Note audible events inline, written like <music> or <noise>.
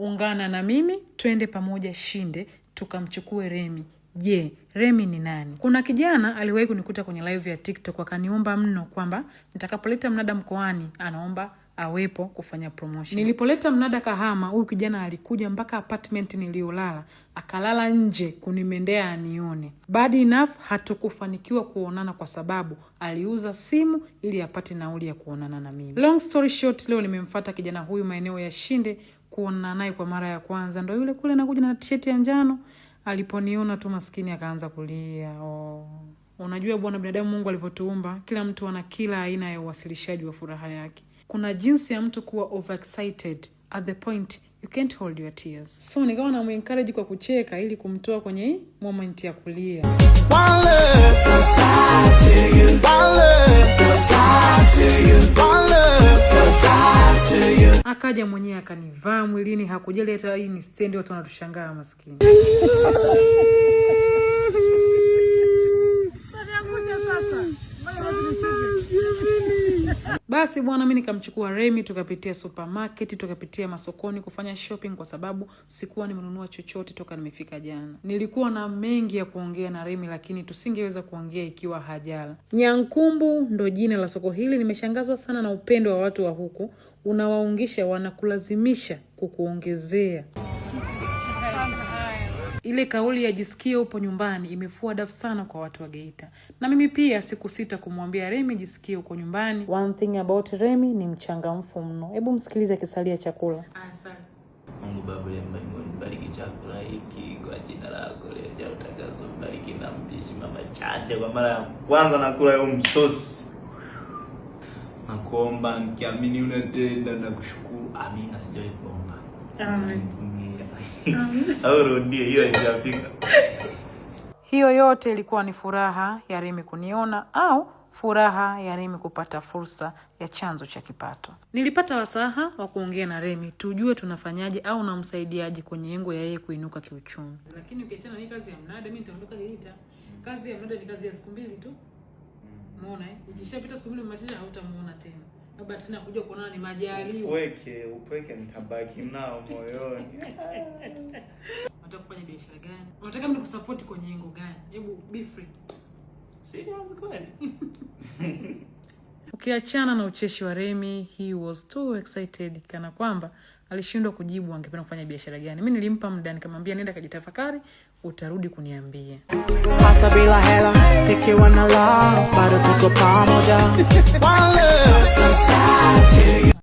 ungana na mimi twende pamoja Shinde tukamchukue Remi. Je, yeah, Remi ni nani? Kuna kijana aliwahi kunikuta kwenye live ya TikTok akaniomba mno kwamba nitakapoleta mnada mkoani anaomba awepo kufanya promotion. Nilipoleta mnada Kahama, huyu kijana alikuja mpaka apartment niliyolala, akalala nje kunimendea anione. Bad enough hatukufanikiwa kuonana kwa sababu aliuza simu ili apate nauli ya kuonana na mimi. Long story short, leo nimemfata kijana huyu maeneo ya Shinde kuona naye kwa mara ya kwanza, ndo yule kule nakuja na tisheti ya njano. Aliponiona tu maskini akaanza kulia. Oh, unajua bwana, binadamu Mungu alivyotuumba, kila mtu ana kila aina ya uwasilishaji wa furaha yake. Kuna jinsi ya mtu kuwa overexcited at the point you can't hold your tears. So nikawa na mwenkaraji kwa kucheka ili kumtoa kwenye moment ya kulia akaja mwenyewe akanivaa mwilini, hakujaleta hii ni stendi, watu wanatushangaa maskini <laughs> Basi bwana, mi nikamchukua Remi tukapitia supermarket, tukapitia masokoni kufanya shopping, kwa sababu sikuwa nimenunua chochote toka nimefika jana. Nilikuwa na mengi ya kuongea na Remi, lakini tusingeweza kuongea ikiwa hajala. Nyankumbu ndo jina la soko hili. Nimeshangazwa sana na upendo wa watu wa huku, unawaungisha wanakulazimisha kukuongezea ile kauli ya jisikie upo nyumbani imefua dafu sana kwa watu wa Geita, na mimi pia sikusita kumwambia Remi jisikie uko nyumbani. One thing about Remi ni mchangamfu mno. Hebu msikilize akisalia chakula. Mungu Baba ya mbinguni, bariki chakula hiki kwa jina lako leo utakazo, bariki na mpishi mama Chacha, kwa mara ya kwanza nakula hiyo msosi Nakuomba nikiamini unatenda na kushukuru. Amina, sijawahi kuomba. Amen. <laughs> au rudie hiyo haijafika. Hiyo yote ilikuwa ni furaha ya Remi kuniona au furaha ya Remi kupata fursa ya chanzo cha kipato. Nilipata wasaha wa kuongea na Remi tujue tunafanyaje au namsaidiaje kwenye engo ya yeye kuinuka kiuchumi. Lakini ukiachana na kazi ya mnada, mimi nitaondoka Geita. Kazi ya mnada ni kazi ya siku mbili tu. Mm. Umeona eh? Ikishapita siku mbili machija hautamuona tena. Baba tena kuja kuonana ni majaliwa. Upweke, upweke mtabaki mnao moyoni. <laughs> Unataka kufanya biashara gani? Unataka mimi nikusupport kwenye engo gani? Hebu be free. Sio kweli. <laughs> Ukiachana na ucheshi wa Remi, he was too excited kana kwamba alishindwa kujibu angependa kufanya biashara gani. mi nilimpa muda nikamwambia nenda kajitafakari, utarudi kuniambia. Hasa bila hela na bado tuko pamoja. <laughs>